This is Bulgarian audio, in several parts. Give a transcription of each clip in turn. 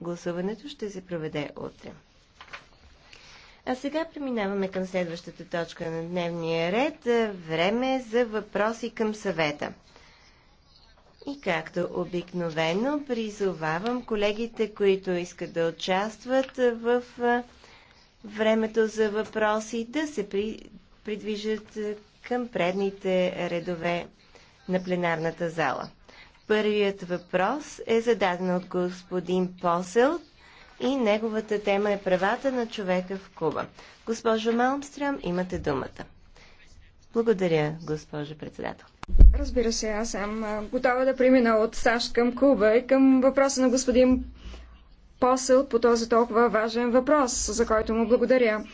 Гласуването ще се проведе утре. А сега преминаваме към следващата точка на дневния ред. Време за въпроси към съвета. И както обикновено, призовавам колегите, които искат да участват в времето за въпроси, да се придвижат към предните редове на пленарната зала. Първият въпрос е зададен от господин Посел и неговата тема е правата на човека в Куба. Госпожо Малмстрям, имате думата. Благодаря, госпожо председател. Разбира се, аз съм готова да премина от САЩ към Куба и към въпроса на господин Посел по този толкова важен въпрос, за който му благодаря.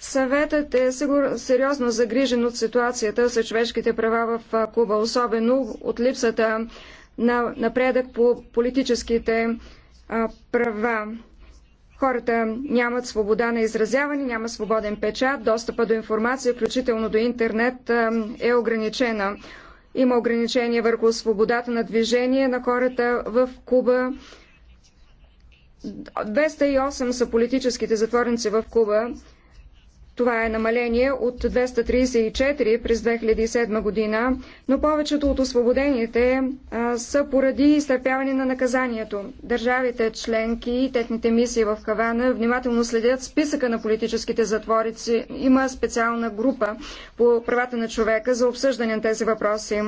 Съветът е сигур... сериозно загрижен от ситуацията за човешките права в Куба, особено от липсата на напредък по политическите а, права. Хората нямат свобода на изразяване, няма свободен печат, достъпа до информация, включително до интернет, е ограничена. Има ограничения върху свободата на движение на хората в Куба. 208 са политическите затворници в Куба. Това е намаление от 234 през 2007 година, но повечето от освободените а, са поради изтърпяване на наказанието. Държавите членки и техните мисии в Хавана внимателно следят списъка на политическите затворици. Има специална група по правата на човека за обсъждане на тези въпроси.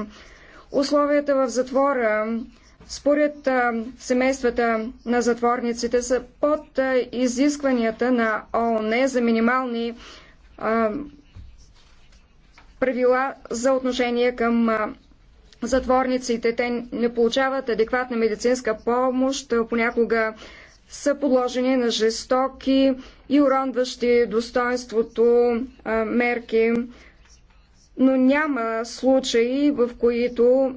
Условията в затвора според а, семействата на затворниците са под а, изискванията на ООН за минимални правила за отношение към затворниците. Те не получават адекватна медицинска помощ, понякога са подложени на жестоки и уронващи достоинството мерки, но няма случаи, в които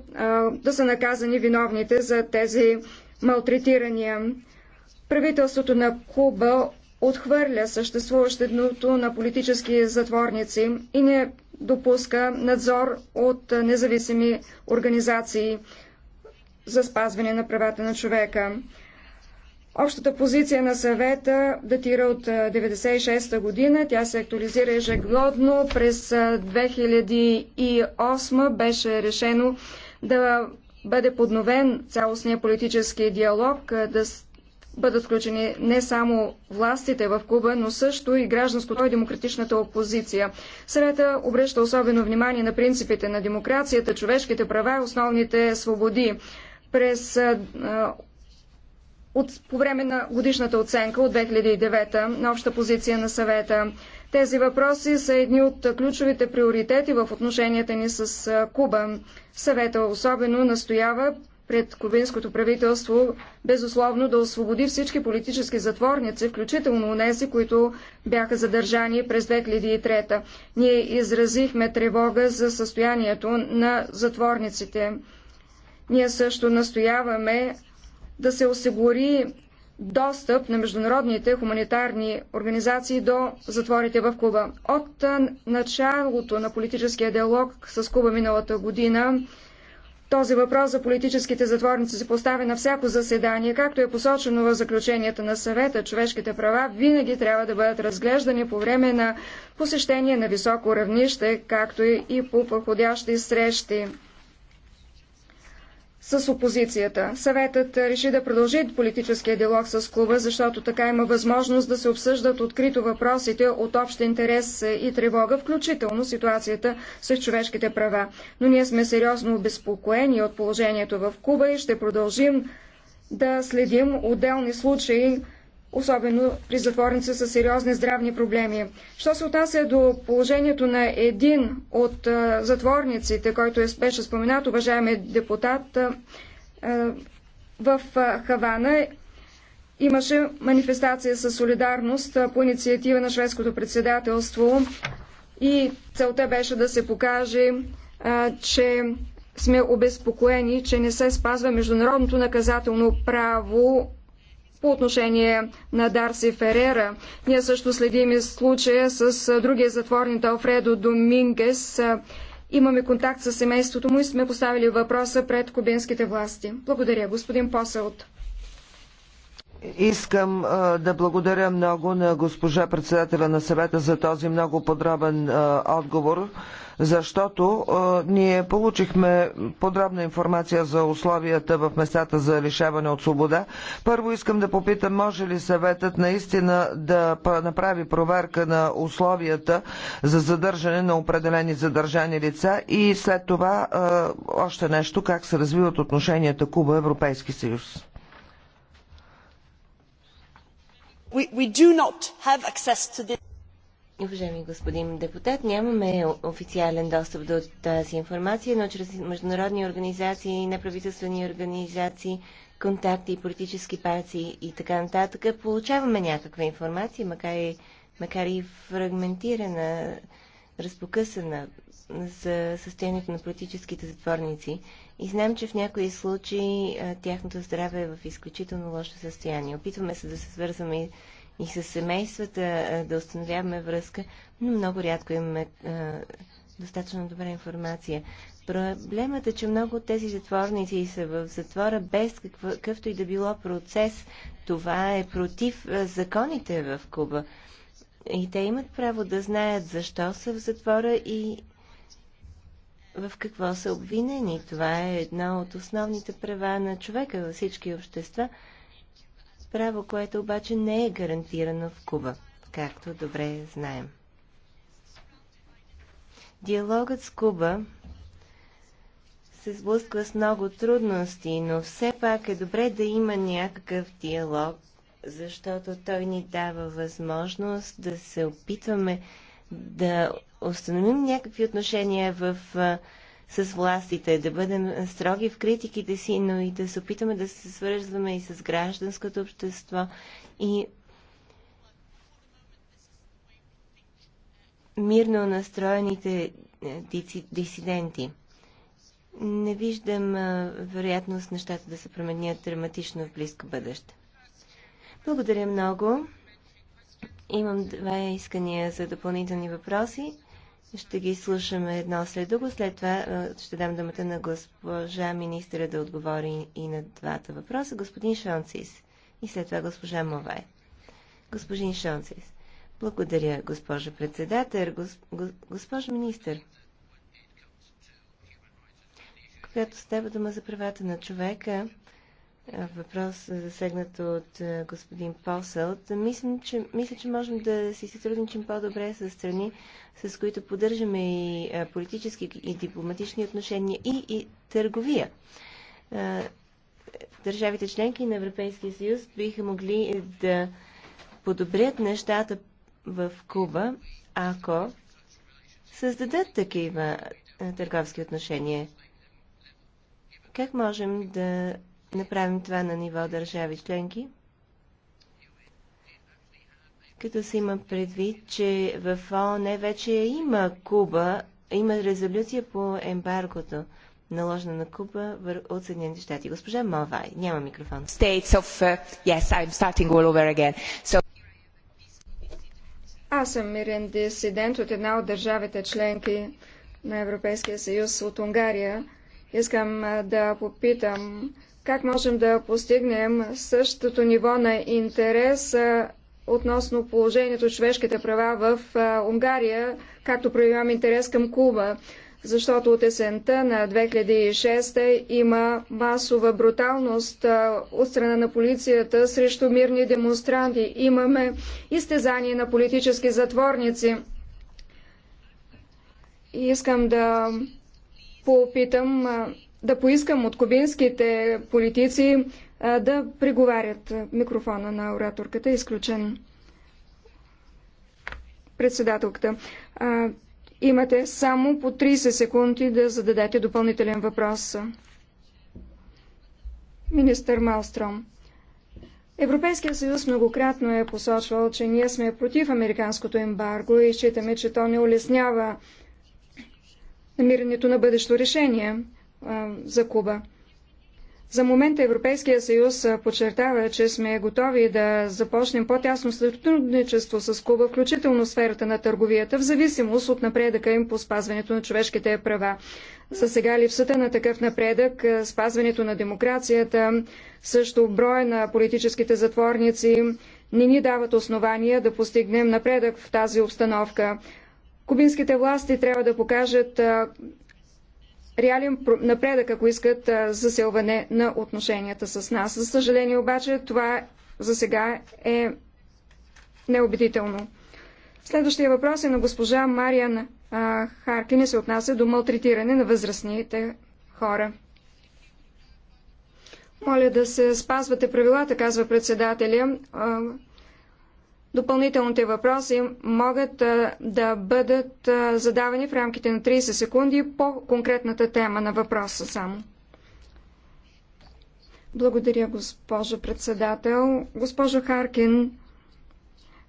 да са наказани виновните за тези малтретирания. Правителството на Куба отхвърля съществуващето на политически затворници и не допуска надзор от независими организации за спазване на правата на човека. Общата позиция на съвета датира от 1996 година. Тя се актуализира ежегодно. През 2008 беше решено да бъде подновен цялостния политически диалог, да бъдат включени не само властите в Куба, но също и гражданското и демократичната опозиция. Съвета обръща особено внимание на принципите на демокрацията, човешките права и основните свободи. През от, по време на годишната оценка от 2009 на обща позиция на съвета. Тези въпроси са едни от ключовите приоритети в отношенията ни с Куба. Съвета особено настоява пред кубинското правителство безусловно да освободи всички политически затворници, включително тези, които бяха задържани през 2003. Ние изразихме тревога за състоянието на затворниците. Ние също настояваме да се осигури достъп на международните хуманитарни организации до затворите в Куба. От началото на политическия диалог с Куба миналата година този въпрос за политическите затворници се поставя на всяко заседание, както е посочено в заключенията на съвета. Човешките права винаги трябва да бъдат разглеждани по време на посещение на високо равнище, както и по подходящи срещи с опозицията. Съветът реши да продължи политическия диалог с клуба, защото така има възможност да се обсъждат открито въпросите от общ интерес и тревога, включително ситуацията с човешките права. Но ние сме сериозно обезпокоени от положението в Куба и ще продължим да следим отделни случаи особено при затворници с сериозни здравни проблеми. Що се отнася до положението на един от затворниците, който е, беше споменат, уважаеми депутат, в Хавана имаше манифестация със солидарност по инициатива на шведското председателство и целта беше да се покаже, че сме обезпокоени, че не се спазва международното наказателно право по отношение на Дарси Ферера. Ние също следим и случая с другия затворник Алфредо Домингес. Имаме контакт с семейството му и сме поставили въпроса пред кубинските власти. Благодаря, господин Поселт. Искам а, да благодаря много на госпожа председателя на съвета за този много подробен а, отговор защото ние получихме подробна информация за условията в местата за лишаване от свобода. Първо искам да попитам, може ли съветът наистина да направи проверка на условията за задържане на определени задържани лица и след това още нещо, как се развиват отношенията Куба-Европейски съюз. We, we do not have access to this. Уважаеми господин депутат, нямаме официален достъп до тази информация, но чрез международни организации, неправителствени организации, контакти, политически партии и така нататък получаваме някаква информация, макар и, макар и фрагментирана, разпокъсана за състоянието на политическите затворници. И знам, че в някои случаи тяхното здраве е в изключително лошо състояние. Опитваме се да се свързваме и и с семействата да установяваме връзка, но много рядко имаме достатъчно добра информация. Проблемът е, че много от тези затворници са в затвора без какъвто и да било процес. Това е против законите в Куба. И те имат право да знаят защо са в затвора и в какво са обвинени. Това е едно от основните права на човека във всички общества право, което обаче не е гарантирано в Куба, както добре знаем. Диалогът с Куба се сблъсква с много трудности, но все пак е добре да има някакъв диалог, защото той ни дава възможност да се опитваме да установим някакви отношения в с властите, да бъдем строги в критиките си, но и да се опитаме да се свързваме и с гражданското общество. И мирно настроените е, дисиденти. Не виждам е, вероятност нещата да се променят драматично в близко бъдеще. Благодаря много. Имам два искания за допълнителни въпроси. Ще ги слушаме едно след друго. След това ще дам думата на госпожа министра да отговори и на двата въпроса. Господин Шонцис и след това госпожа Мовай. Господин Шонцис. Благодаря, госпожа председател. Госпожа министър, когато става дума за правата на човека, въпрос засегнат от е, господин Посълт. Мисля че, мисля, че можем да си сътрудничим по-добре с страни, с които поддържаме и е, политически и дипломатични отношения и, и търговия. Е, държавите членки на Европейския съюз биха могли да подобрят нещата в Куба, ако създадат такива търговски отношения. Как можем да направим това на ниво държави членки, като се има предвид, че в ООН вече има Куба, има резолюция по ембаргото, наложена на Куба от Съединените щати. Госпожа Малвай, няма микрофон. States of, uh, yes, I'm starting all over again. So... Аз съм мирен дисидент от една от държавите членки на Европейския съюз от Унгария. Искам да попитам как можем да постигнем същото ниво на интерес относно положението човешките права в Унгария, както проявявам интерес към Куба? защото от есента на 2006 има масова бруталност от страна на полицията срещу мирни демонстранти. Имаме изтезание на политически затворници. И искам да попитам да поискам от кубинските политици да преговарят. Микрофона на ораторката изключен. Председателката, имате само по 30 секунди да зададете допълнителен въпрос. Министър Малстром. Европейския съюз многократно е посочвал, че ние сме против американското ембарго и считаме, че то не улеснява намирането на бъдещо решение за Куба. За момента Европейския съюз подчертава, че сме готови да започнем по-тясно сътрудничество с Куба, включително сферата на търговията, в зависимост от напредъка им по спазването на човешките права. За сега липсата на такъв напредък, спазването на демокрацията, също броя на политическите затворници, не ни дават основания да постигнем напредък в тази обстановка. Кубинските власти трябва да покажат реален напредък, ако искат засилване на отношенията с нас. За съжаление обаче това за сега е неубедително. Следващия въпрос е на госпожа Мариан Харкин и се отнася до малтретиране на възрастните хора. Моля да се спазвате правилата, казва председателя. Допълнителните въпроси могат да бъдат задавани в рамките на 30 секунди по конкретната тема на въпроса само. Благодаря, госпожо председател. Госпожо Харкин,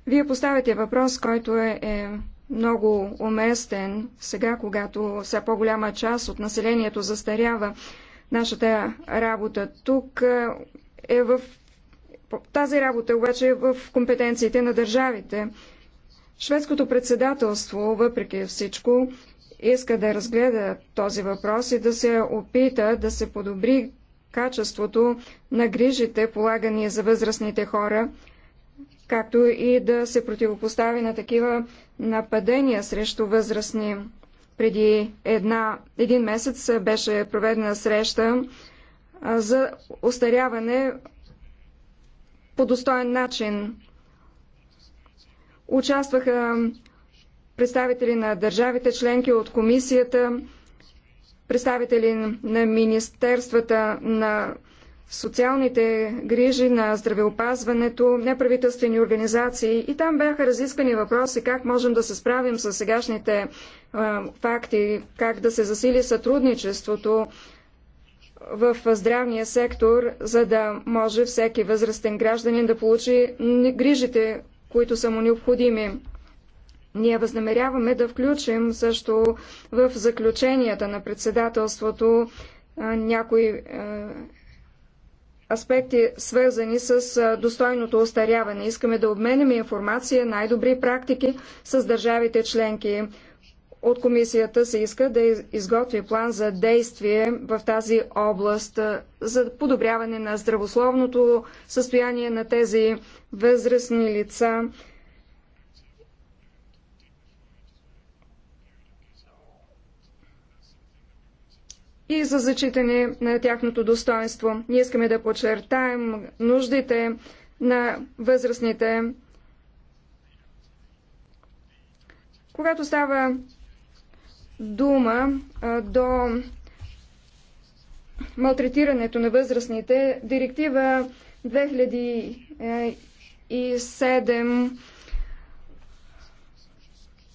вие поставяте въпрос, който е, е много уместен сега, когато все по-голяма част от населението застарява. Нашата работа тук е в тази работа обаче е в компетенциите на държавите. Шведското председателство, въпреки всичко, иска да разгледа този въпрос и да се опита да се подобри качеството на грижите, полагани за възрастните хора, както и да се противопостави на такива нападения срещу възрастни. Преди една, един месец беше проведена среща за остаряване по достоен начин. Участваха представители на държавите членки от комисията, представители на Министерствата на социалните грижи, на здравеопазването, неправителствени организации. И там бяха разискани въпроси как можем да се справим с сегашните а, факти, как да се засили сътрудничеството в здравния сектор, за да може всеки възрастен гражданин да получи грижите, които са му необходими. Ние възнамеряваме да включим също в заключенията на председателството някои аспекти, свързани с достойното остаряване. Искаме да обменяме информация, най-добри практики с държавите членки. От комисията се иска да изготви план за действие в тази област за подобряване на здравословното състояние на тези възрастни лица. и за зачитане на тяхното достоинство. Ние искаме да подчертаем нуждите на възрастните. Когато става дума до малтретирането на възрастните. Директива 2007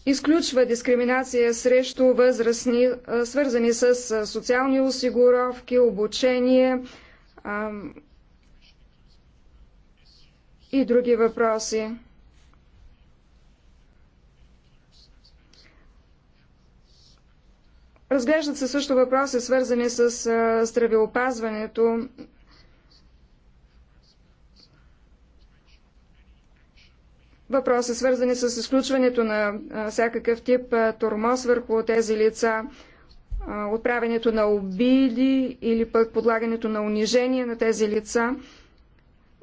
изключва дискриминация срещу възрастни, свързани с социални осигуровки, обучение и други въпроси. Разглеждат се също въпроси, свързани с здравеопазването. Въпроси, свързани с изключването на всякакъв тип тормоз върху тези лица, отправянето на обиди или пък подлагането на унижение на тези лица.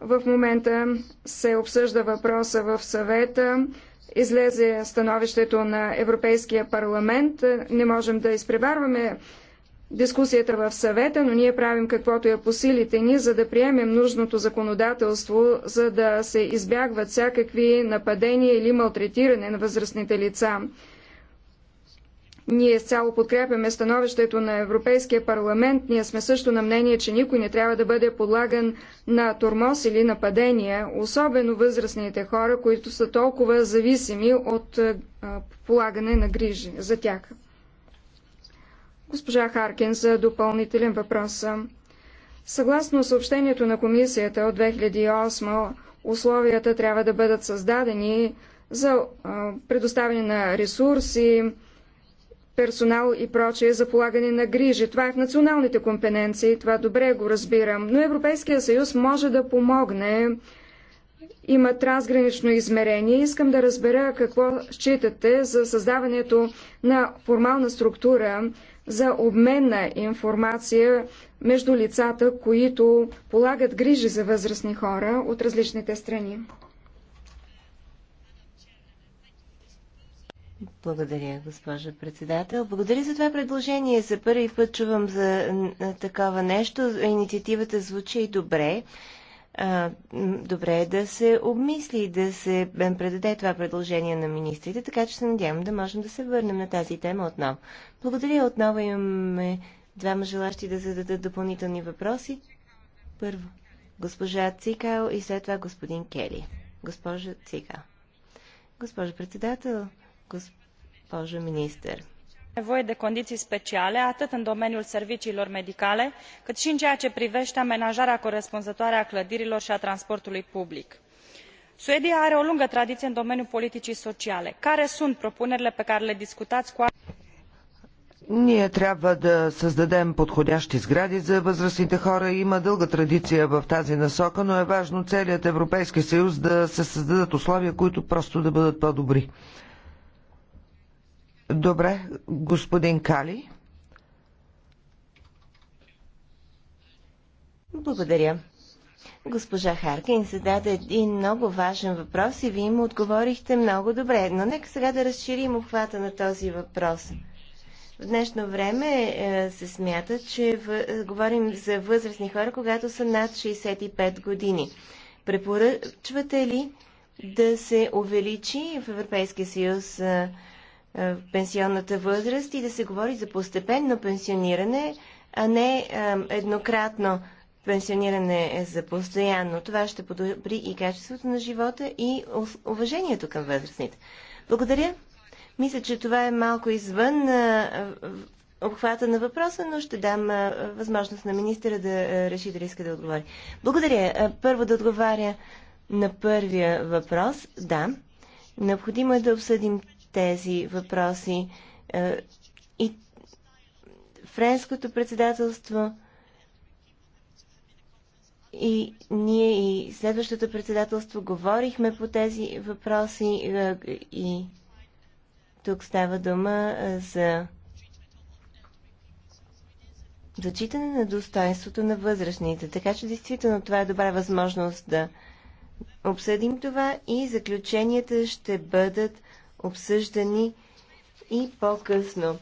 В момента се обсъжда въпроса в съвета излезе становището на Европейския парламент. Не можем да изпреварваме дискусията в съвета, но ние правим каквото е по силите ни, за да приемем нужното законодателство, за да се избягват всякакви нападения или малтретиране на възрастните лица. Ние цяло подкрепяме становището на Европейския парламент. Ние сме също на мнение, че никой не трябва да бъде подлаган на тормоз или нападения, особено възрастните хора, които са толкова зависими от полагане на грижи за тях. Госпожа Харкин за допълнителен въпрос. Съгласно съобщението на комисията от 2008, условията трябва да бъдат създадени за предоставяне на ресурси, персонал и прочее за полагане на грижи. Това е в националните компетенции, това добре го разбирам. Но Европейския съюз може да помогне. Има трансгранично измерение. Искам да разбера какво считате за създаването на формална структура за обмен на информация между лицата, които полагат грижи за възрастни хора от различните страни. Благодаря, госпожа председател. Благодаря за това предложение. За първи път чувам за такова нещо. Инициативата звучи добре. Добре е да се обмисли и да се предаде това предложение на министрите, така че се надявам да можем да се върнем на тази тема отново. Благодаря. Отново имаме двама желащи да зададат допълнителни въпроси. Първо, госпожа Цикал и след това господин Кели. Госпожа Цикал. Госпожа председател, госпожо министър. nevoie de condiții speciale atât în domeniul serviciilor medicale cât și în ceea ce privește amenajarea corespunzătoare a clădirilor și a transportului public. suedia are o lungă tradiție în domeniul politicii sociale. care sunt propunerile pe care le discutați cu ние трябва да създадем подходящи сгради за възрастните хора. Има дълга традиция в тази насока, но е важно целият Европейски съюз да се създадат условия, които просто да бъдат по-добри. Добре, господин Кали. Благодаря. Госпожа Харкин зададе един много важен въпрос и вие му отговорихте много добре, но нека сега да разширим обхвата на този въпрос. В днешно време е, се смята, че в, е, говорим за възрастни хора, когато са над 65 години. Препоръчвате ли да се увеличи в Европейския съюз е, е, пенсионната възраст и да се говори за постепенно пенсиониране, а не е, еднократно пенсиониране е за постоянно. Това ще подобри и качеството на живота и уважението към възрастните. Благодаря. Мисля, че това е малко извън обхвата на въпроса, но ще дам възможност на министъра да реши дали иска да отговори. Благодаря. първо да отговаря на първия въпрос. Да. Необходимо е да обсъдим тези въпроси. Е, и френското председателство и ние и следващото председателство говорихме по тези въпроси е, и тук става дума е, за зачитане на достоинството на възрастните. Така че действително това е добра възможност да обсъдим това и заключенията ще бъдат обсъждани и по-късно.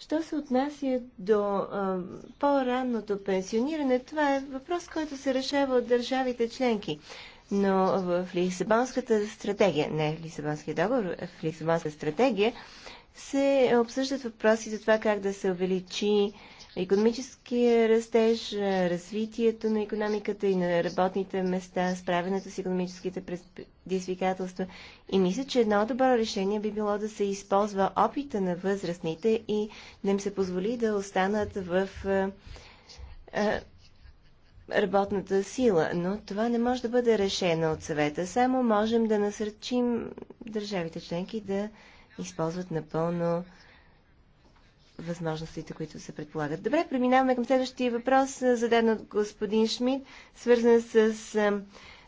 Що се отнася до по-ранното пенсиониране, това е въпрос, който се решава от държавите членки. Но в Лисабонската стратегия, не в Лисабонския договор, в Лисабонската стратегия се обсъждат въпроси за това как да се увеличи економическия растеж, е, развитието на економиката и на работните места, справянето с економическите предизвикателства. И мисля, че едно добро решение би било да се използва опита на възрастните и да им се позволи да останат в е, е, работната сила, но това не може да бъде решено от съвета. Само можем да насърчим държавите членки да използват напълно възможностите, които се предполагат. Добре, преминаваме към следващия въпрос, зададен от господин Шмидт, свързан с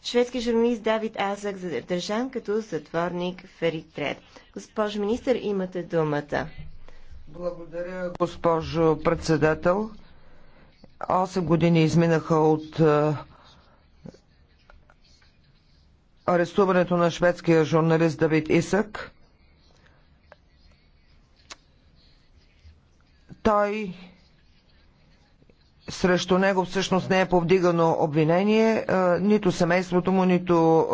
шведски журналист Давид Азак, задържан като затворник в Еритрет. Госпожо министър, имате думата. Благодаря, госпожо председател. Осем години изминаха от арестуването на шведския журналист Давид Исак. Той срещу него всъщност не е повдигано обвинение, нито семейството му, нито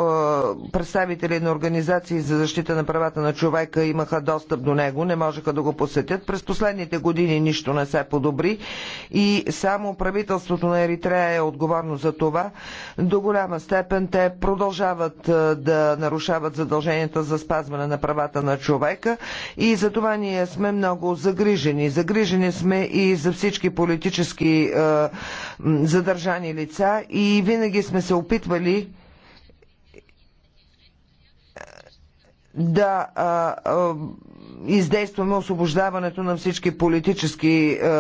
представители на организации за защита на правата на човека имаха достъп до него, не можеха да го посетят. През последните години нищо не се подобри и само правителството на Еритрея е отговорно за това. До голяма степен те продължават да нарушават задълженията за спазване на правата на човека и за това ние сме много загрижени. Загрижени сме и за всички политически задържани лица и винаги сме се опитвали да издействаме освобождаването на всички политически е,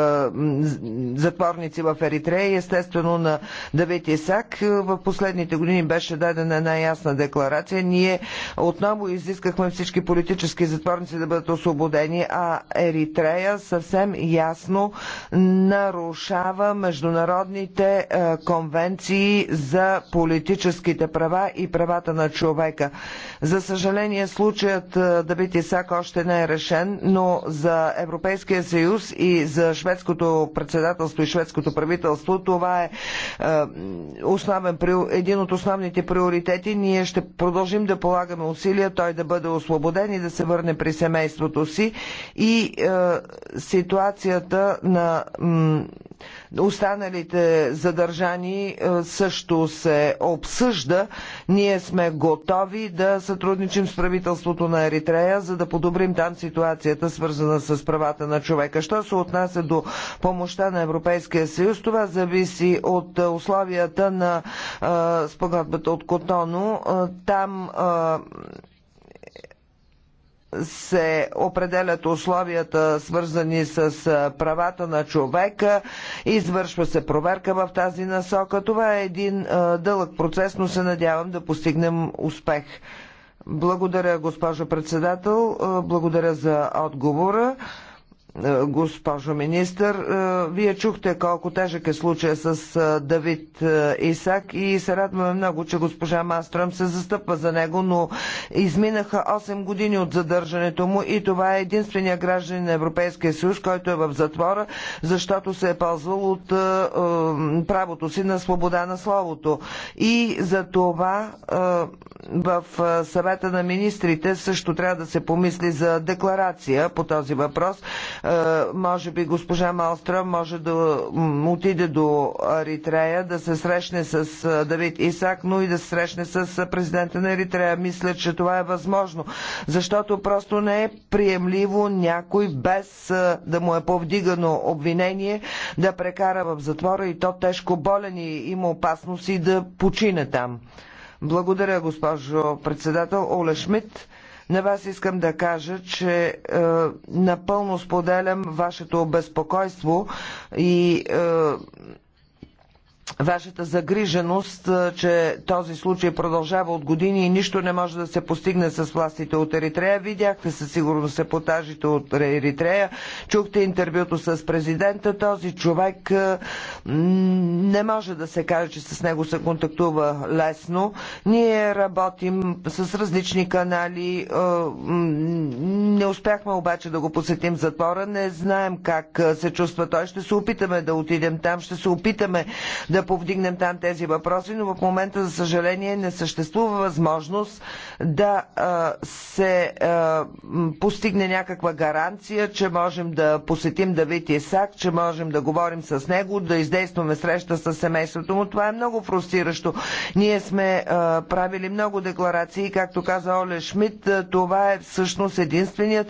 затворници в Еритрея и естествено на Давид Исак. Е, в последните години беше дадена една ясна декларация. Ние отново изискахме всички политически затворници да бъдат освободени, а Еритрея съвсем ясно нарушава международните е, конвенции за политическите права и правата на човека. За съжаление, случаят е, Давид Исак още не е решен, но за Европейския съюз и за шведското председателство и шведското правителство това е, е основен, един от основните приоритети. Ние ще продължим да полагаме усилия той да бъде освободен и да се върне при семейството си и е, ситуацията на Останалите задържани е, също се обсъжда. Ние сме готови да сътрудничим с правителството на Еритрея, за да подобрим там ситуацията, свързана с правата на човека. Що се отнася до помощта на Европейския съюз, това зависи от е, условията на е, спогодбата от Котоно. Там се определят условията, свързани с правата на човека, извършва се проверка в тази насока. Това е един дълъг процес, но се надявам да постигнем успех. Благодаря, госпожо председател. Благодаря за отговора. Е, госпожо министър. Е, вие чухте колко тежък е случая с е, Давид Исак и се радваме много, че госпожа Мастром се застъпва за него, но изминаха 8 години от задържането му и това е единствения гражданин на Европейския съюз, който е в затвора, защото се е ползвал от правото си на свобода на словото. И за това в съвета на министрите също трябва да се помисли за декларация по този въпрос е, може би госпожа Малстра може да отиде до Еритрея, да се срещне с е, Давид Исак, но и да се срещне с е, президента на Еритрея. Мисля, че това е възможно, защото просто не е приемливо някой без да му е повдигано обвинение да прекара в затвора и то тежко болен и има опасност и да почине там. Благодаря, госпожо председател. Оле Шмидт. На вас искам да кажа, че е, напълно споделям вашето безпокойство и е, вашата загриженост, че този случай продължава от години и нищо не може да се постигне с властите от Еритрея. Видяхте със сигурност епотажите от Еритрея, чухте интервюто с президента. Този човек не може да се каже, че с него се контактува лесно. Ние работим с различни канали. Не успяхме обаче да го посетим затвора. Не знаем как се чувства той. Ще се опитаме да отидем там. Ще се опитаме да да повдигнем там тези въпроси, но в момента, за съжаление, не съществува възможност да се постигне някаква гаранция, че можем да посетим Давид Исак, че можем да говорим с него, да издействаме среща с семейството му. Това е много фрустиращо. Ние сме правили много декларации, както каза Оле Шмидт, това е всъщност единственият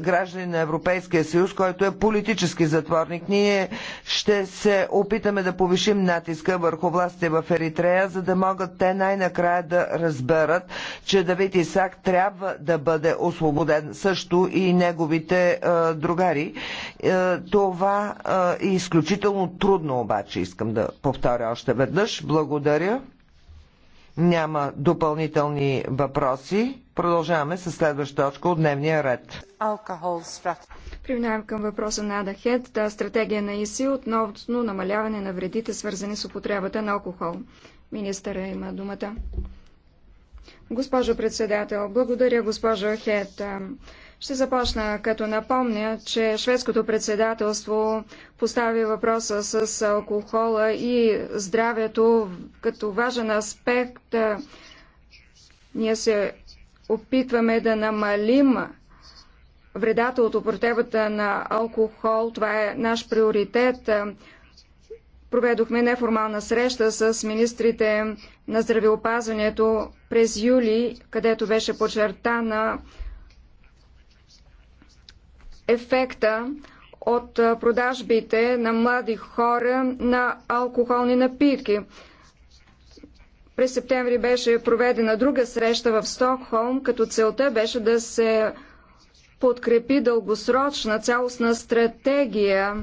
гражданин на Европейския съюз, който е политически затворник. Ние ще се опитаме да повишим натиска върху властите в Еритрея, за да могат те най-накрая да разберат, че Давид Исак трябва да бъде освободен, също и неговите е, другари. Е, това е, е изключително трудно, обаче, искам да повторя още веднъж. Благодаря. Няма допълнителни въпроси. Продължаваме с следваща точка от дневния ред. Преминавам към въпроса на Ада Хед, стратегия на ИСИ относно намаляване на вредите, свързани с употребата на алкохол. Министъра има думата. Госпожо председател, благодаря госпожо Хед. Ще започна като напомня, че шведското председателство постави въпроса с алкохола и здравето като важен аспект. Ние се опитваме да намалим вредата от употребата на алкохол. Това е наш приоритет. Проведохме неформална среща с министрите на здравеопазването през юли, където беше подчертана ефекта от продажбите на млади хора на алкохолни напитки. През септември беше проведена друга среща в Стокхолм, като целта беше да се подкрепи дългосрочна цялостна стратегия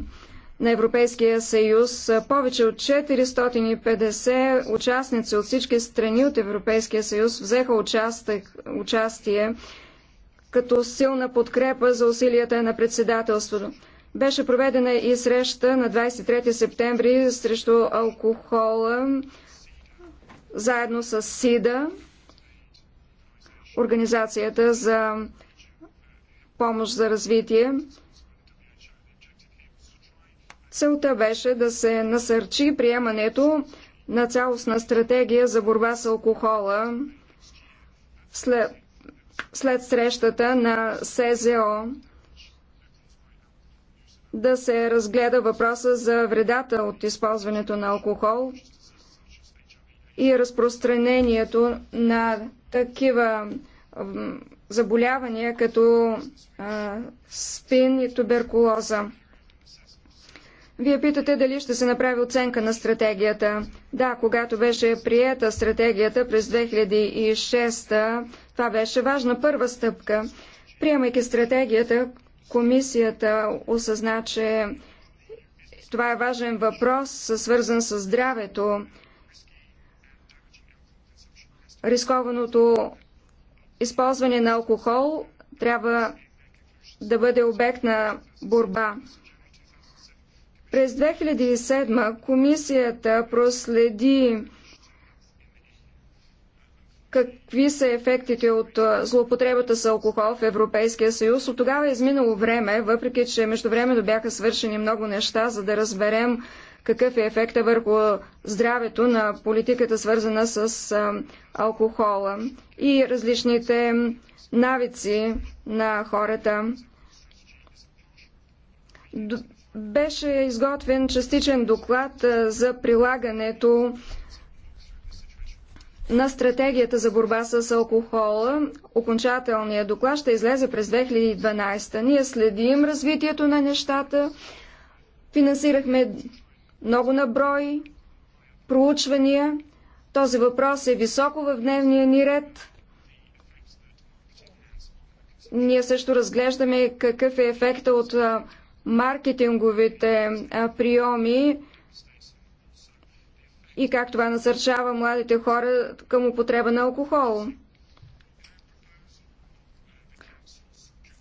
на Европейския съюз. Повече от 450 участници от всички страни от Европейския съюз взеха участие като силна подкрепа за усилията на председателството. Беше проведена и среща на 23 септември срещу алкохола заедно с СИДА, Организацията за помощ за развитие. Целта беше да се насърчи приемането на цялостна стратегия за борба с алкохола след, след срещата на СЗО да се разгледа въпроса за вредата от използването на алкохол и разпространението на такива заболявания като а, спин и туберкулоза. Вие питате дали ще се направи оценка на стратегията. Да, когато беше приета стратегията през 2006, това беше важна първа стъпка. Приемайки стратегията, комисията осъзна, че това е важен въпрос, свързан с здравето. Рискованото използване на алкохол трябва да бъде обект на борба. През 2007 комисията проследи какви са ефектите от злоупотребата с алкохол в Европейския съюз. От тогава е изминало време, въпреки че междувременно бяха свършени много неща, за да разберем какъв е ефекта върху здравето на политиката, свързана с алкохола и различните навици на хората. Беше изготвен частичен доклад за прилагането на стратегията за борба с алкохола. Окончателният доклад ще излезе през 2012. Ние следим развитието на нещата. Финансирахме много наброи проучвания. Този въпрос е високо в дневния ни ред. Ние също разглеждаме какъв е ефекта от маркетинговите приеми и как това насърчава младите хора към употреба на алкохол.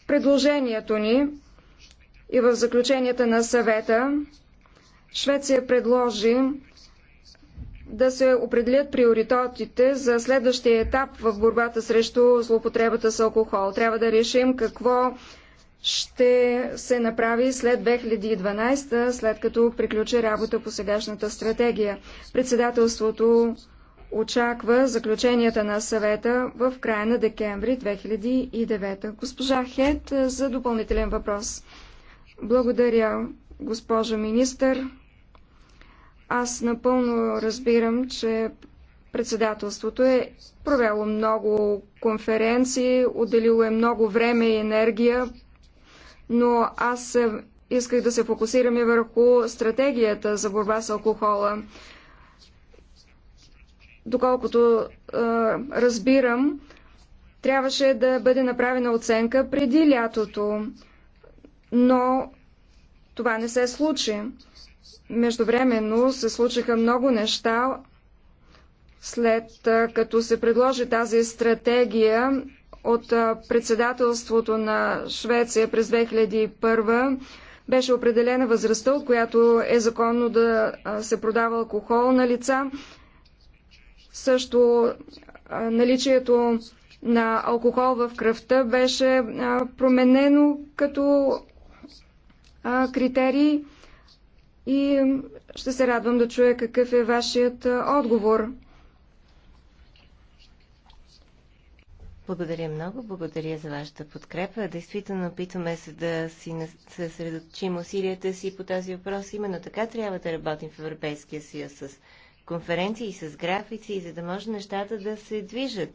Предложението ни и в заключенията на съвета Швеция предложи да се определят приоритетите за следващия етап в борбата срещу злоупотребата с алкохол. Трябва да решим какво ще се направи след 2012, след като приключи работа по сегашната стратегия. Председателството очаква заключенията на съвета в края на декември 2009. Госпожа Хед за допълнителен въпрос. Благодаря, госпожо министър. Аз напълно разбирам, че председателството е провело много конференции, отделило е много време и енергия, но аз исках да се фокусираме върху стратегията за борба с алкохола. Доколкото е, разбирам, трябваше да бъде направена оценка преди лятото, но това не се случи. Междувременно се случиха много неща, след като се предложи тази стратегия от председателството на Швеция през 2001 беше определена възрастта, от която е законно да се продава алкохол на лица. Също наличието на алкохол в кръвта беше променено като критерий и ще се радвам да чуя какъв е вашият отговор. Благодаря много, благодаря за вашата подкрепа. Действително опитваме се да си съсредоточим усилията си по този въпрос. Именно така трябва да работим в Европейския съюз с конференции, с графици, за да може нещата да се движат.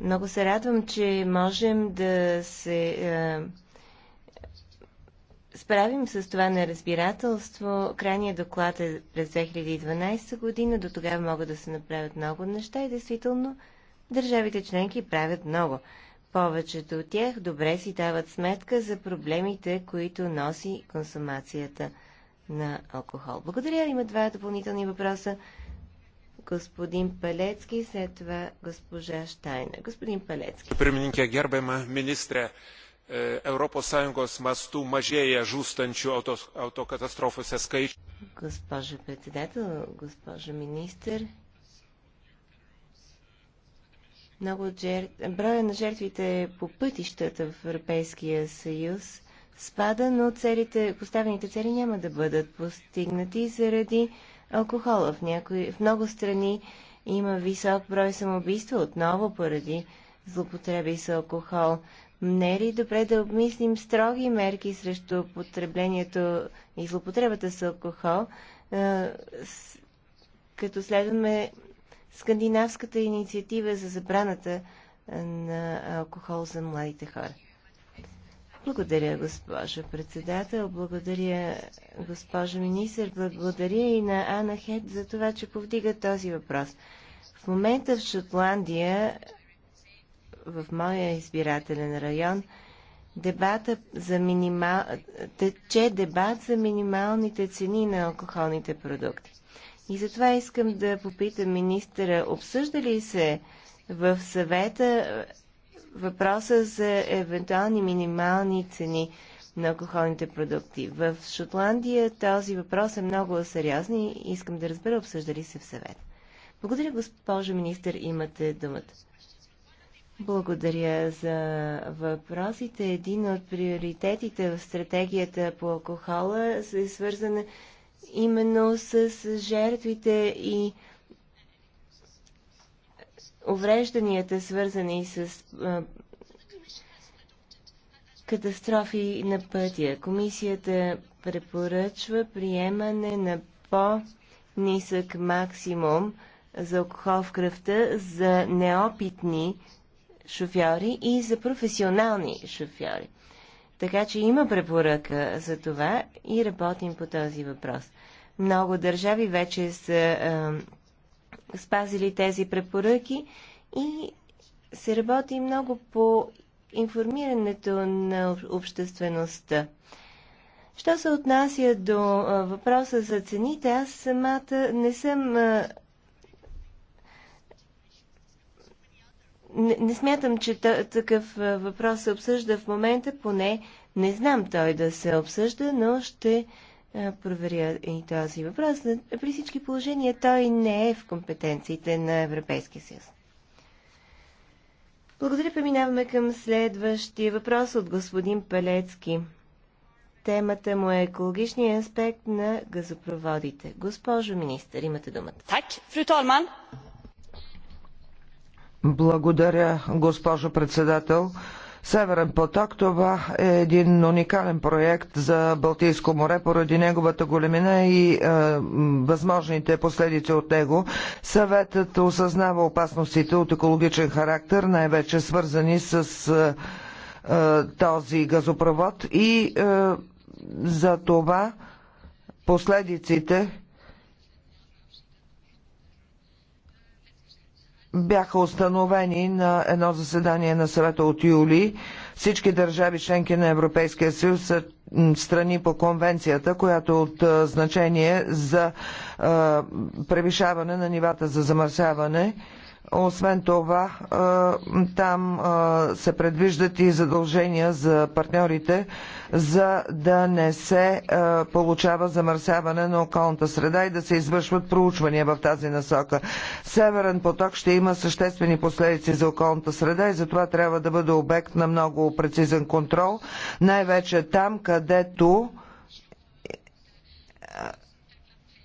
Много се радвам, че можем да се справим с това неразбирателство. Крайният доклад е през 2012 година. До тогава могат да се направят много неща и действително държавите членки правят много. Повечето от тях добре си дават сметка за проблемите, които носи консумацията на алкохол. Благодаря. Има два допълнителни въпроса. Господин Палецки, след това госпожа Штайна. Господин Палецки. преминенки гербема министре, Europos Sąjungos mastu mažėja žūstančių autokatastrofose skaičių. Госпожо председател, госпожо министр, много жер... броя на жертвите по пътищата в Европейския съюз спада, но целите, поставените цели няма да бъдат постигнати заради алкохола. В, някои... в много страни има висок брой самоубийства, отново поради злопотреби с алкохол. Не е ли добре да обмислим строги мерки срещу потреблението и злопотребата с алкохол, като следваме скандинавската инициатива за забраната на алкохол за младите хора? Благодаря, госпожа председател. Благодаря, госпожа министър. Благодаря и на Ана Хед за това, че повдига този въпрос. В момента в Шотландия в моя избирателен район дебата за минимал... тече дебат за минималните цени на алкохолните продукти. И затова искам да попитам министъра, обсъжда ли се в съвета въпроса за евентуални минимални цени на алкохолните продукти. В Шотландия този въпрос е много сериозен и искам да разбера обсъжда ли се в съвет. Благодаря, госпожо министър, имате думата. Благодаря за въпросите. Един от приоритетите в стратегията по алкохола е свързана именно с жертвите и уврежданията, свързани с а, катастрофи на пътя. Комисията препоръчва приемане на по-нисък максимум за алкохол в кръвта за неопитни шофьори и за професионални шофьори. Така че има препоръка за това и работим по този въпрос. Много държави вече са а, спазили тези препоръки и се работи много по информирането на обществеността. Що се отнася до въпроса за цените, аз самата не съм Не, не смятам, че такъв въпрос се обсъжда в момента, поне не знам той да се обсъжда, но ще проверя и този въпрос. При всички положения той не е в компетенциите на Европейския съюз. Благодаря, преминаваме към следващия въпрос от господин Палецки. Темата му е екологичния аспект на газопроводите. Госпожо министър, имате думата. Так, фру благодаря, госпожо председател. Северен поток това е един уникален проект за Балтийско море поради неговата големина и е, възможните последици от него. Съветът осъзнава опасностите от екологичен характер, най-вече свързани с е, е, този газопровод и е, за това последиците бяха установени на едно заседание на съвета от юли. Всички държави членки на Европейския съюз са страни по конвенцията, която е от значение за превишаване на нивата за замърсяване освен това, там се предвиждат и задължения за партньорите, за да не се получава замърсяване на околната среда и да се извършват проучвания в тази насока. Северен поток ще има съществени последици за околната среда и затова трябва да бъде обект на много прецизен контрол, най-вече там, където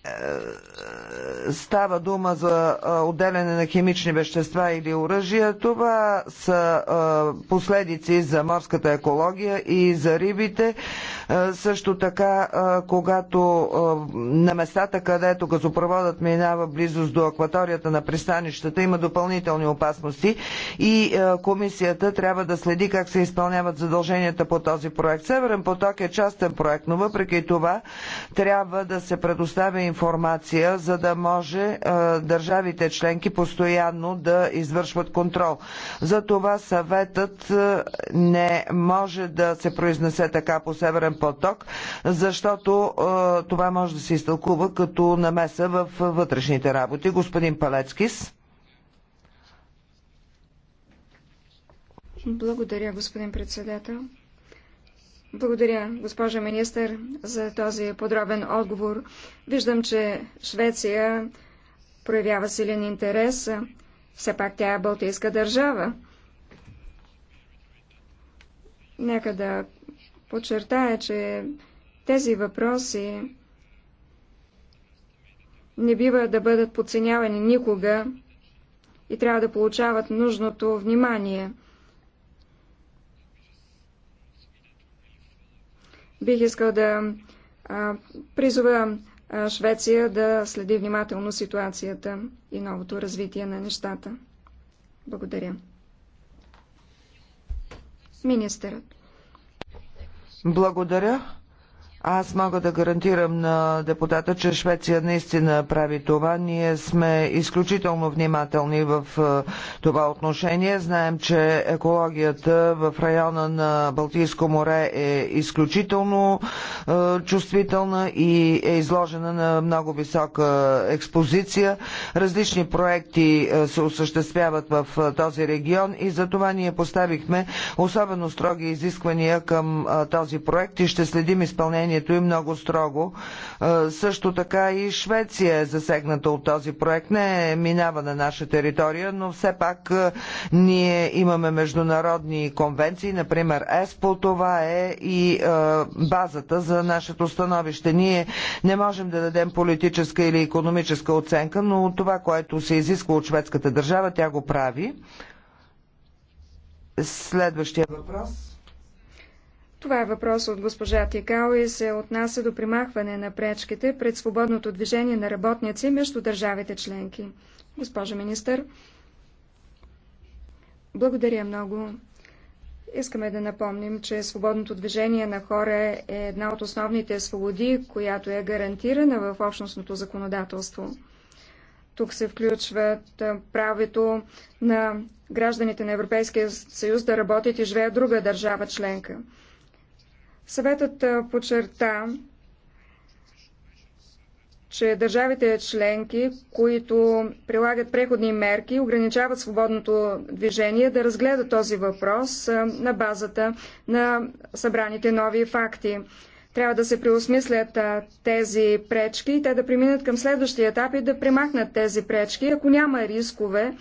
е, става дума за е, отделяне на химични вещества или оръжия, това са е, последици за морската екология и за рибите. Също така, когато на местата, където газопроводът минава близост до акваторията на пристанищата, има допълнителни опасности и комисията трябва да следи как се изпълняват задълженията по този проект. Северен поток е частен проект, но въпреки това трябва да се предоставя информация, за да може държавите членки постоянно да извършват контрол. За това съветът не може да се произнесе така по Северен поток, защото това може да се изтълкува като намеса в вътрешните работи. Господин Палецкис. Благодаря, господин председател. Благодаря, госпожа министър, за този подробен отговор. Виждам, че Швеция проявява силен интерес. Все пак тя е балтийска държава. Нека да подчертая, че тези въпроси не бива да бъдат подценявани никога и трябва да получават нужното внимание. Бих искал да а, призова а, Швеция да следи внимателно ситуацията и новото развитие на нещата. Благодаря. Министерът, благодаря. Аз мога да гарантирам на депутата, че Швеция наистина прави това. Ние сме изключително внимателни в е, това отношение. Знаем, че екологията в района на Балтийско море е изключително е, чувствителна и е изложена на много висока експозиция. Различни проекти е, се осъществяват в този регион и за това ние поставихме особено строги изисквания към този проект и ще следим изпълнение изпълнението и е много строго. Също така и Швеция е засегната от този проект. Не минава на наша територия, но все пак ние имаме международни конвенции, например ЕСПО, това е и базата за нашето становище. Ние не можем да дадем политическа или економическа оценка, но това, което се изисква от шведската държава, тя го прави. Следващия въпрос. Това е въпрос от госпожа Тикао и се отнася до примахване на пречките пред свободното движение на работници между държавите членки. Госпожа министър, благодаря много. Искаме да напомним, че свободното движение на хора е една от основните свободи, която е гарантирана в общностното законодателство. Тук се включват правото на гражданите на Европейския съюз да работят и живеят друга държава членка. Съветът подчерта, че държавите членки, които прилагат преходни мерки, ограничават свободното движение, да разгледат този въпрос на базата на събраните нови факти. Трябва да се преосмислят тези пречки и те да преминат към следващия етап и да премахнат тези пречки, ако няма рискове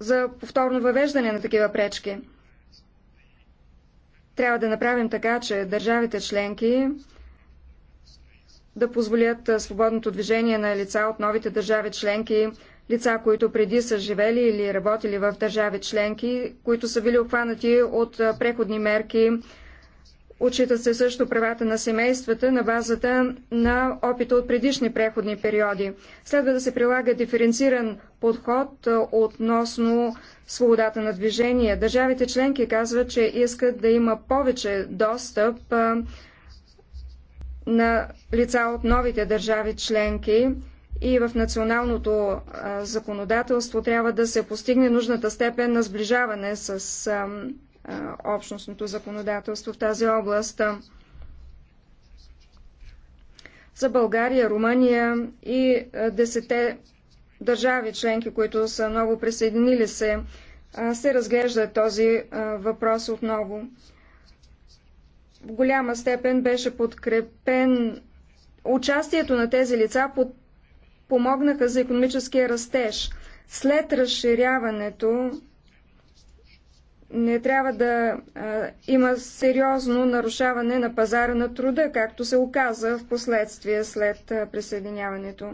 за повторно въвеждане на такива пречки. Трябва да направим така, че държавите членки да позволят свободното движение на лица от новите държави членки, лица, които преди са живели или работили в държави членки, които са били обхванати от преходни мерки Отчитат се също правата на семействата на базата на опита от предишни преходни периоди. Следва да се прилага диференциран подход относно свободата на движение. Държавите членки казват, че искат да има повече достъп на лица от новите държави членки и в националното законодателство трябва да се постигне нужната степен на сближаване с общностното законодателство в тази област. За България, Румъния и десете държави членки, които са много присъединили се, се разглежда този въпрос отново. В голяма степен беше подкрепен участието на тези лица под помогнаха за економическия растеж. След разширяването не трябва да а, има сериозно нарушаване на пазара на труда, както се оказа в последствие след а, присъединяването.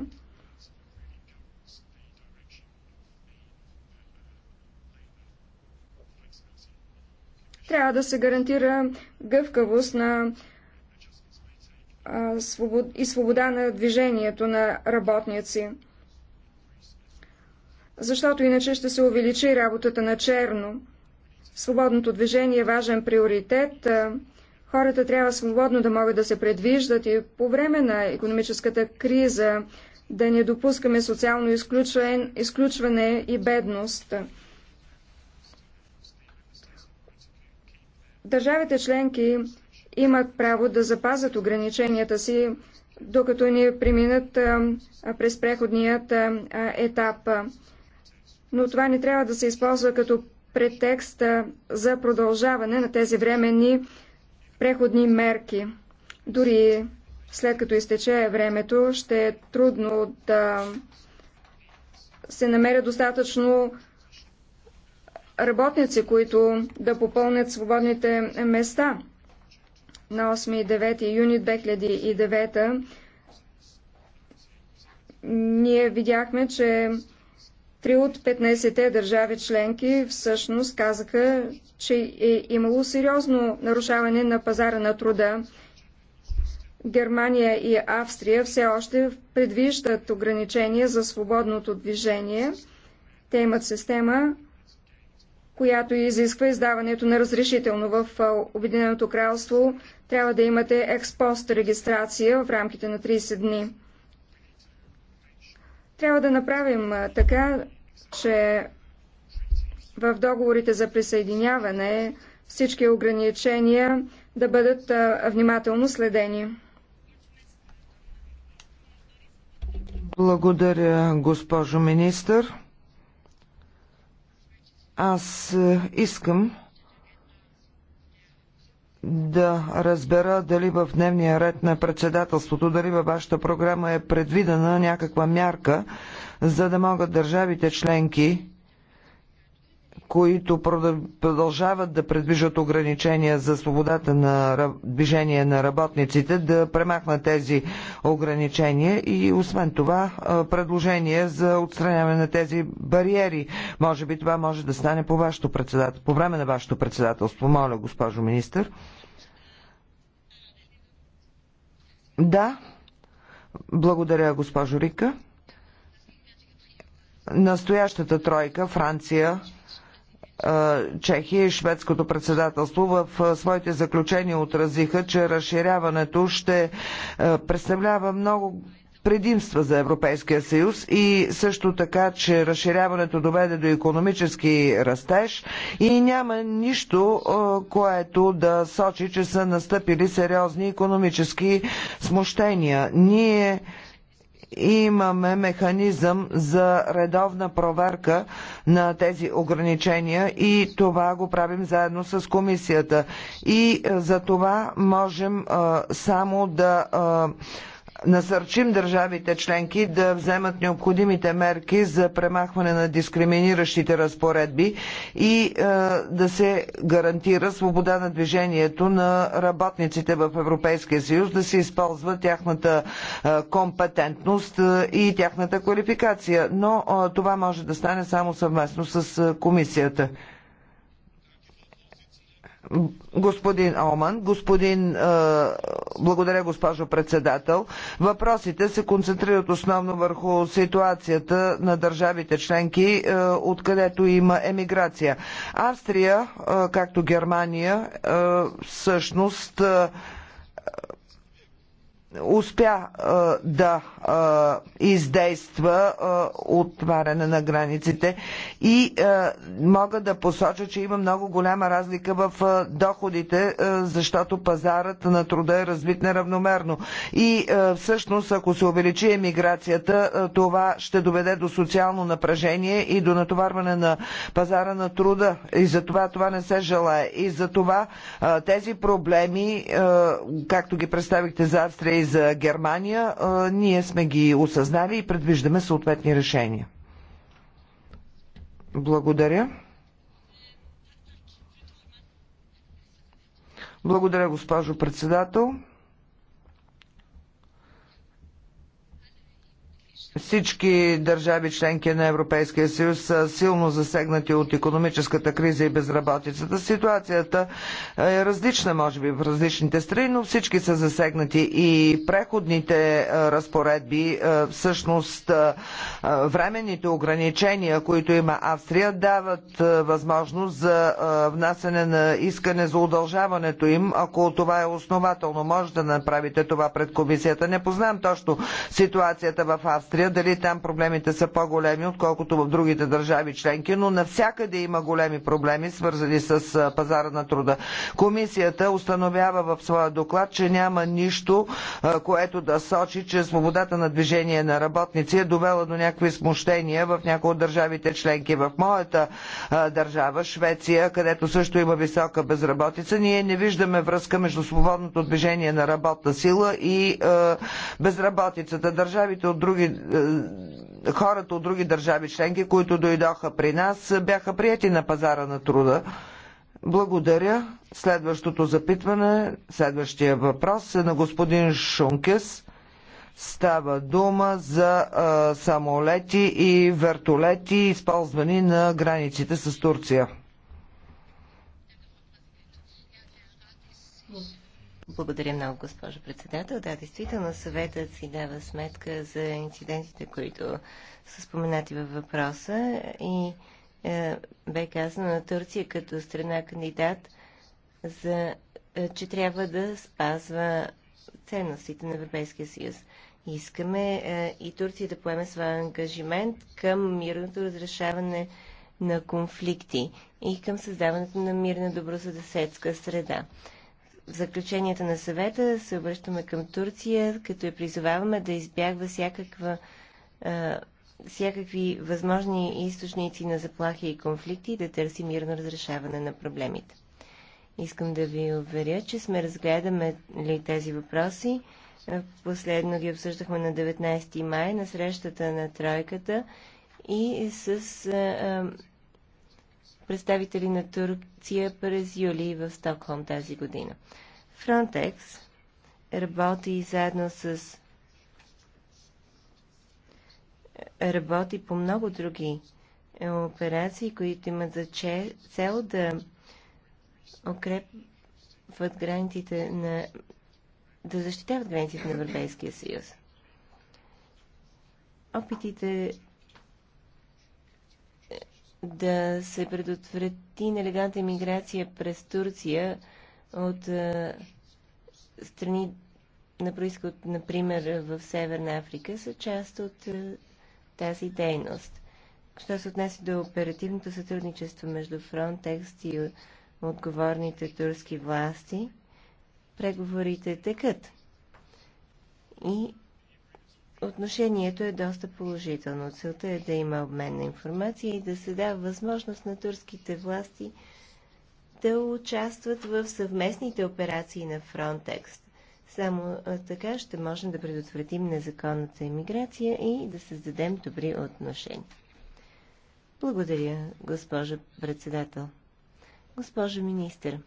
Трябва да се гарантира гъвкавост на а, свобод... и свобода на движението на работници, защото иначе ще се увеличи работата на черно. Свободното движение е важен приоритет. Хората трябва свободно да могат да се предвиждат и по време на економическата криза да не допускаме социално изключване и бедност. Държавите членки имат право да запазят ограниченията си, докато ни преминат през преходният етап. Но това не трябва да се използва като претекста за продължаване на тези временни преходни мерки. Дори след като изтече времето, ще е трудно да се намерят достатъчно работници, които да попълнят свободните места. На 8 и 9 юни 2009 ние видяхме, че Три от 15-те държави членки всъщност казаха, че е имало сериозно нарушаване на пазара на труда. Германия и Австрия все още предвиждат ограничения за свободното движение. Те имат система, която изисква издаването на разрешително в Обединеното кралство. Трябва да имате експост регистрация в рамките на 30 дни. Трябва да направим така, че в договорите за присъединяване всички ограничения да бъдат внимателно следени. Благодаря, госпожо министър. Аз искам да разбера дали в дневния ред на председателството, дали във вашата програма е предвидена някаква мярка, за да могат държавите членки, които продължават да предвижат ограничения за свободата на движение на работниците, да премахнат тези ограничения и освен това предложение за отстраняване на тези бариери. Може би това може да стане по, вашето председател... по време на вашето председателство. Моля, госпожо министър. Да, благодаря, госпожо Рика. Настоящата тройка Франция, Чехия и шведското председателство в своите заключения отразиха, че разширяването ще представлява много предимства за Европейския съюз и също така, че разширяването доведе до економически растеж и няма нищо, което да сочи, че са настъпили сериозни економически смущения. Ние имаме механизъм за редовна проверка на тези ограничения и това го правим заедно с комисията. И за това можем само да насърчим държавите членки да вземат необходимите мерки за премахване на дискриминиращите разпоредби и е, да се гарантира свобода на движението на работниците в Европейския съюз, да се използва тяхната е, компетентност е, и тяхната квалификация. Но това може да стане само съвместно с комисията. Господин Оман, господин, е, благодаря госпожо председател. Въпросите се концентрират основно върху ситуацията на държавите членки, е, откъдето има емиграция. Австрия, е, както Германия, е, всъщност е, успя а, да а, издейства а, отваряне на границите и а, мога да посоча, че има много голяма разлика в а, доходите, а, защото пазарът на труда е развит неравномерно. И а, всъщност, ако се увеличи емиграцията, а, това ще доведе до социално напрежение и до натоварване на пазара на труда. И за това това не се желая. И за това а, тези проблеми, а, както ги представихте за Австрия и за Германия, ние сме ги осъзнали и предвиждаме съответни решения. Благодаря. Благодаря, госпожо председател. Всички държави членки на Европейския съюз са силно засегнати от економическата криза и безработицата. Ситуацията е различна, може би, в различните страни, но всички са засегнати и преходните е, разпоредби, е, всъщност е, временните ограничения, които има Австрия, дават възможност за внасене на искане за удължаването им, ако това е основателно. Може да направите това пред комисията. Не познавам точно ситуацията в Австрия, мисля дали там проблемите са по-големи, отколкото в другите държави членки, но навсякъде има големи проблеми, свързани с пазара на труда. Комисията установява в своя доклад, че няма нищо, което да сочи, че свободата на движение на работници е довела до някакви смущения в някои от държавите членки. В моята държава, Швеция, където също има висока безработица, ние не виждаме връзка между свободното движение на работна сила и безработицата. Държавите от други е, хората от други държави членки, които дойдоха при нас, бяха прияти на пазара на труда. Благодаря. Следващото запитване, следващия въпрос е на господин Шункес. Става дума за а, е, самолети и вертолети, използвани на границите с Турция. Благодаря много, госпожо председател. Да, действително съветът си дава сметка за инцидентите, които са споменати във въпроса и е, бе казано на Турция като страна кандидат, за, е, че трябва да спазва ценностите на Европейския съюз. Искаме е, и Турция да поеме своя ангажимент към мирното разрешаване на конфликти и към създаването на мирна добросъседска среда. В заключенията на съвета се обръщаме към Турция, като я призоваваме да избягва всякаква, а, всякакви възможни източници на заплахи и конфликти и да търси мирно разрешаване на проблемите. Искам да ви уверя, че сме разгледаме ли тези въпроси. Последно ги обсъждахме на 19 май на срещата на тройката и с а, а, представители на Турция през юли в Стокхолм тази година. Frontex работи заедно с работи по много други е, операции, които имат за цел да укрепват границите на да защитават границите на Европейския съюз. Опитите да се предотврати нелегалната миграция през Турция от а, страни на происход, например, в Северна Африка, са част от а, тази дейност. Що се отнася до оперативното сътрудничество между Frontex и отговорните турски власти, преговорите текат. И Отношението е доста положително. Целта е да има обмен на информация и да се дава възможност на турските власти да участват в съвместните операции на Frontex. Само така ще можем да предотвратим незаконната емиграция и да създадем добри отношения. Благодаря, госпожа председател. Госпожа министър,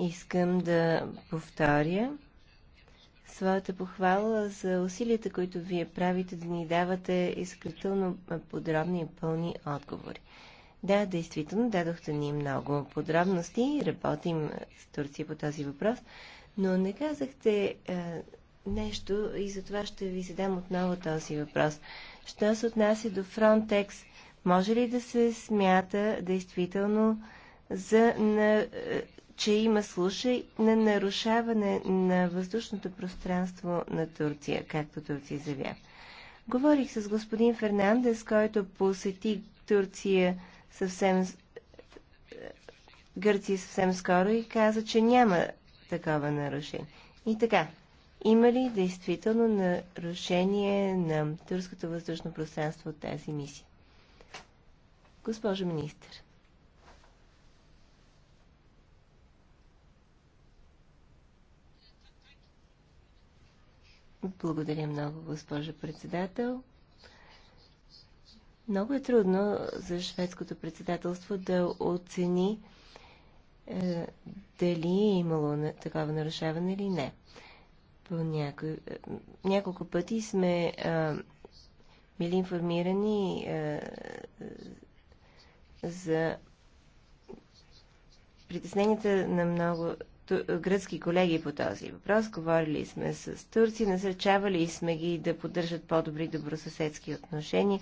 искам да повторя, своята похвала за усилията, които вие правите да ни давате изключително подробни и пълни отговори. Да, действително, дадохте ни много подробности. Работим с Турция по този въпрос, но не казахте е, нещо и затова ще ви задам отново този въпрос. Що се отнася до Frontex, може ли да се смята действително за на, е, че има случай на нарушаване на въздушното пространство на Турция, както Турция заявява. Говорих с господин Фернандес, който посети Турция съвсем Гърция съвсем скоро и каза, че няма такова нарушение. И така, има ли действително нарушение на турското въздушно пространство от тази мисия? Госпожо министър. Благодаря много, госпожо председател. Много е трудно за шведското председателство да оцени е, дали е имало такова нарушаване или не. По няко, е, няколко пъти сме е, били информирани е, за притесненията на много гръцки колеги по този въпрос. Говорили сме с турци, насърчавали сме ги да поддържат по-добри добросъседски отношения.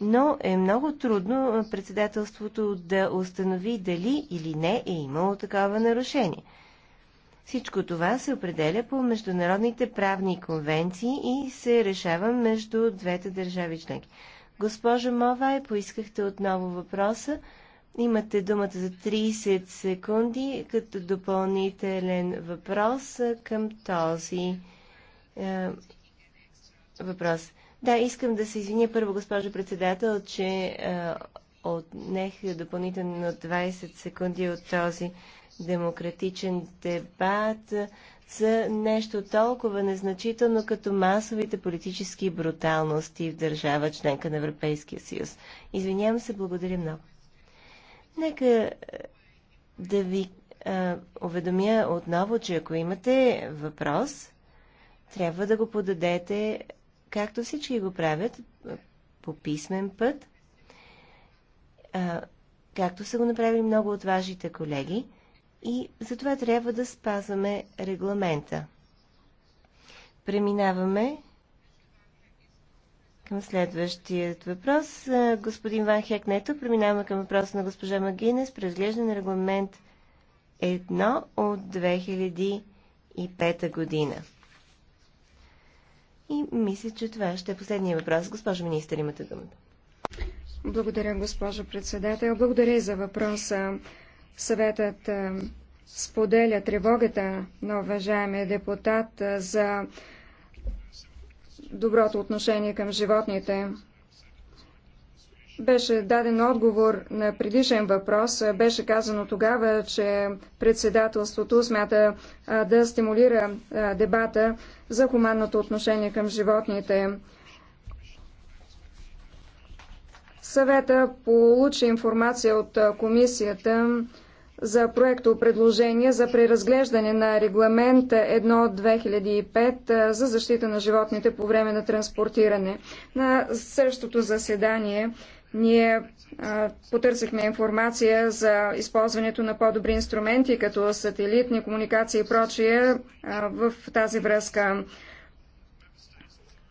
Но е много трудно председателството да установи дали или не е имало такова нарушение. Всичко това се определя по международните правни конвенции и се решава между двете държави членки. Госпожо Мовай, поискахте отново въпроса. Имате думата за 30 секунди като допълнителен въпрос към този е, въпрос. Да, искам да се извиня първо, госпожо председател, че е, отнех допълнително 20 секунди от този демократичен дебат за нещо толкова незначително като масовите политически бруталности в държава членка на Европейския съюз. Извинявам се, благодаря много. Нека е, да ви а, е, уведомя отново, че ако имате въпрос, трябва да го подадете, както всички го правят, по писмен път, а, е, както са го направили много от вашите колеги, и затова трябва да спазваме регламента. Преминаваме към следващият въпрос. Господин Ван Хекнето, преминаваме към въпрос на госпожа Магинес. Преразглеждане на регламент 1 от 2005 година. И мисля, че това ще е последния въпрос. Госпожо министър, имате думата. Благодаря, госпожо председател. Благодаря и за въпроса. Съветът споделя тревогата на уважаемия депутат за доброто отношение към животните. Беше даден отговор на предишен въпрос. Беше казано тогава, че председателството смята да стимулира дебата за хуманното отношение към животните. Съвета получи информация от комисията за проекто предложение за преразглеждане на регламент 1 от 2005 за защита на животните по време на транспортиране. На същото заседание ние а, потърсихме информация за използването на по-добри инструменти, като сателитни комуникации и прочие а, в тази връзка.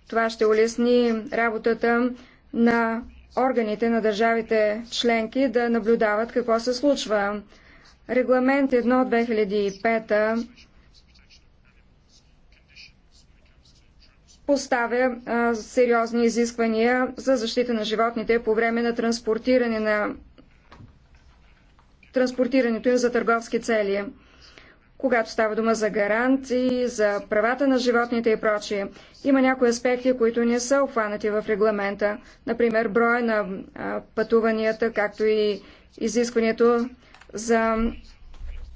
Това ще улесни работата на органите на държавите членки да наблюдават какво се случва Регламент 1 2005 поставя а, сериозни изисквания за защита на животните по време на транспортиране на транспортирането им за търговски цели, когато става дума за гаранции, за правата на животните и прочие. Има някои аспекти, които не са обхванати в регламента, например броя на а, пътуванията, както и изискването за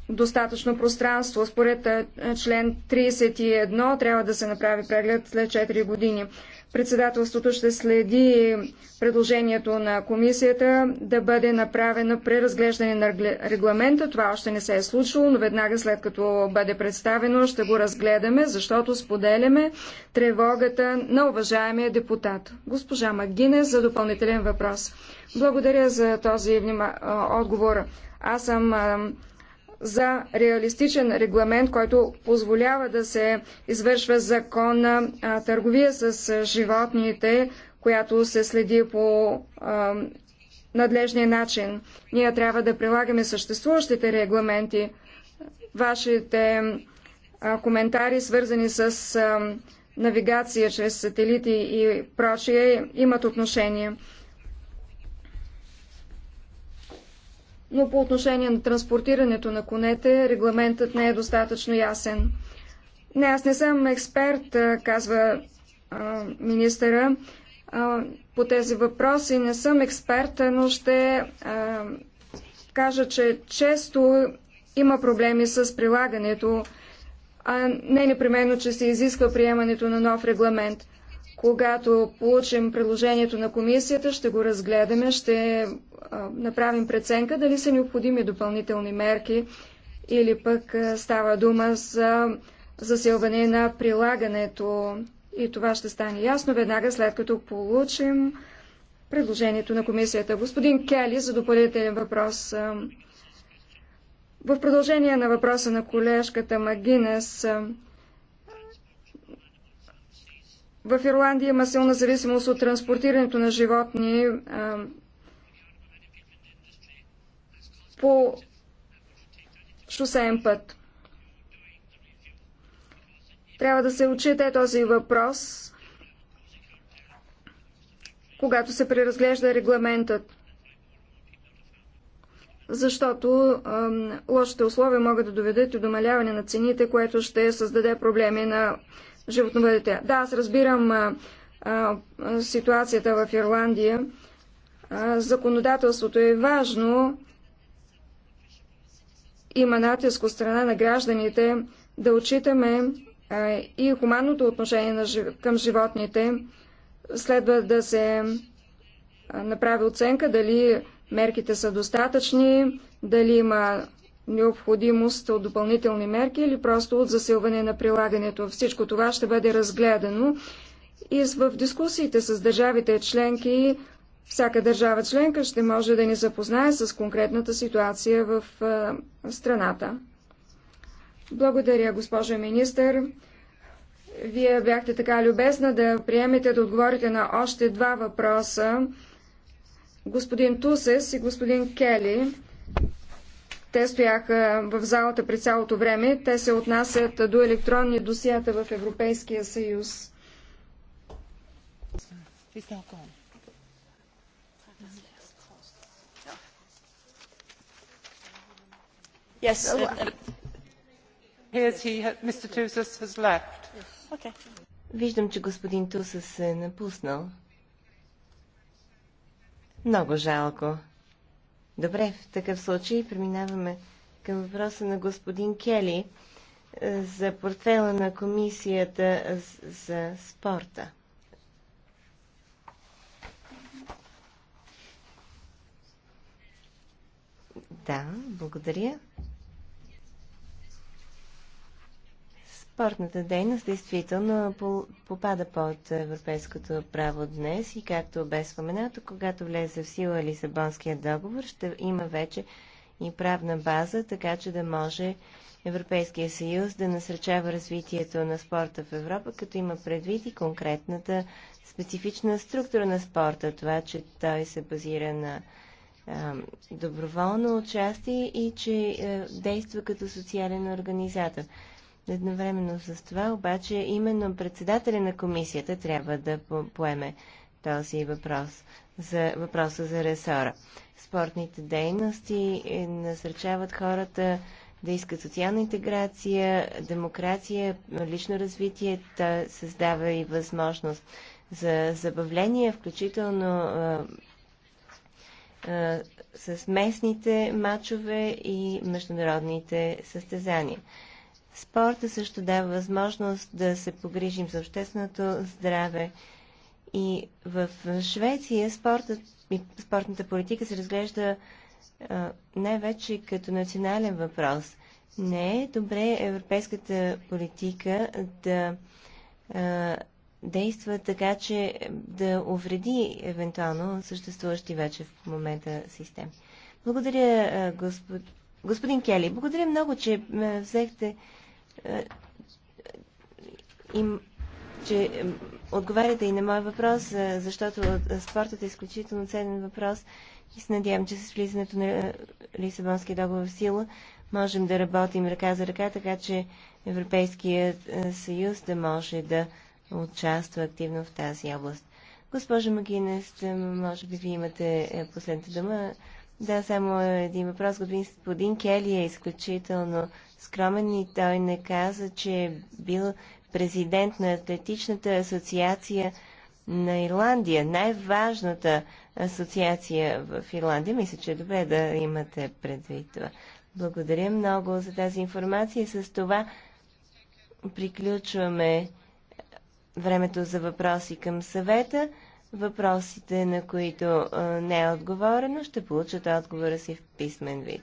достатъчно пространство. Според е, член 31 трябва да се направи преглед след 4 години. Председателството ще следи предложението на комисията да бъде направено преразглеждане на регламента. Това още не се е случило, но веднага след като бъде представено ще го разгледаме, защото споделяме тревогата на уважаемия депутат. Госпожа Магине за допълнителен въпрос. Благодаря за този отговор. Аз съм за реалистичен регламент, който позволява да се извършва закона търговия с животните, която се следи по надлежния начин. Ние трябва да прилагаме съществуващите регламенти. Вашите коментари, свързани с навигация чрез сателити и прочие, имат отношение. но по отношение на транспортирането на конете регламентът не е достатъчно ясен. Не, аз не съм експерт, казва а, министъра а, по тези въпроси. Не съм експерт, но ще а, кажа, че често има проблеми с прилагането, а не непременно, че се изисква приемането на нов регламент. Когато получим предложението на комисията, ще го разгледаме, ще направим преценка дали са необходими допълнителни мерки или пък става дума за засилване на прилагането. И това ще стане ясно веднага след като получим предложението на комисията. Господин Кели, за допълнителен въпрос. В продължение на въпроса на колежката Магинес, в Ирландия има силна зависимост от транспортирането на животни по шосеен път. Трябва да се отчете този въпрос, когато се преразглежда регламентът, защото лошите условия могат да доведат и до намаляване на цените, което ще създаде проблеми на животновъдите. Да, аз разбирам а, а, ситуацията в Ирландия. А, законодателството е важно. Има натиск от страна на гражданите да отчитаме а, и хуманното отношение на, към животните. Следва да се направи оценка дали мерките са достатъчни, дали има необходимост от допълнителни мерки или просто от засилване на прилагането. Всичко това ще бъде разгледано и в дискусиите с държавите членки всяка държава членка ще може да ни запознае с конкретната ситуация в страната. Благодаря, госпожа министър. Вие бяхте така любезна да приемете да отговорите на още два въпроса. Господин Тусес и господин Кели те стояха в залата при цялото време. Те се отнасят до електронни досията в Европейския съюз. Yes. Oh, Here's he, Mr. has left. Okay. Виждам, че господин Тусас е напуснал. Много жалко. Добре, в такъв случай преминаваме към въпроса на господин Кели е, за портфела на комисията за спорта. Да, благодаря. Спортната дейност действително попада под европейското право днес и както бе споменато, когато влезе в сила Лисабонския договор, ще има вече и правна база, така че да може Европейския съюз да насръчава развитието на спорта в Европа, като има предвид и конкретната специфична структура на спорта. Това, че той се базира на доброволно участие и че действа като социален организатор. Едновременно с това, обаче, именно председателя на комисията трябва да поеме този въпрос за въпроса за ресора. Спортните дейности е, насърчават хората да искат социална интеграция, демокрация, лично развитие, да създава и възможност за забавление, включително а, а, с местните матчове и международните състезания. Спорта също дава възможност да се погрижим за общественото здраве. И в Швеция спортът и спортната политика се разглежда най-вече като национален въпрос. Не е добре европейската политика да а, действа така, че да увреди евентуално съществуващи вече в момента системи. Благодаря, господ... господин Кели. Благодаря много, че взехте е, им, че отговаряте и на мой въпрос, е, защото е, спортът е изключително ценен въпрос и се надявам, че с влизането на Лисабонския договор в сила можем да работим ръка за ръка, така че Европейският съюз да може да участва активно в тази област. Госпожа Магинес, може би вие имате последната дума. Да, само един въпрос. Господин Кели е изключително скромен и той не каза, че е бил президент на Атлетичната асоциация на Ирландия, най-важната асоциация в Ирландия. Мисля, че е добре да имате предвид това. Благодаря много за тази информация. С това приключваме времето за въпроси към съвета. Въпросите, на които не е отговорено, ще получат отговора си в писмен вид.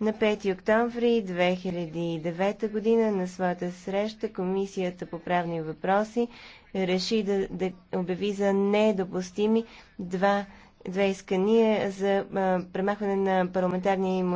На 5 октомври 2009 година на своята среща Комисията по правни въпроси реши да, да обяви за недопустими два, две искания за а, премахване на парламентарния имунитет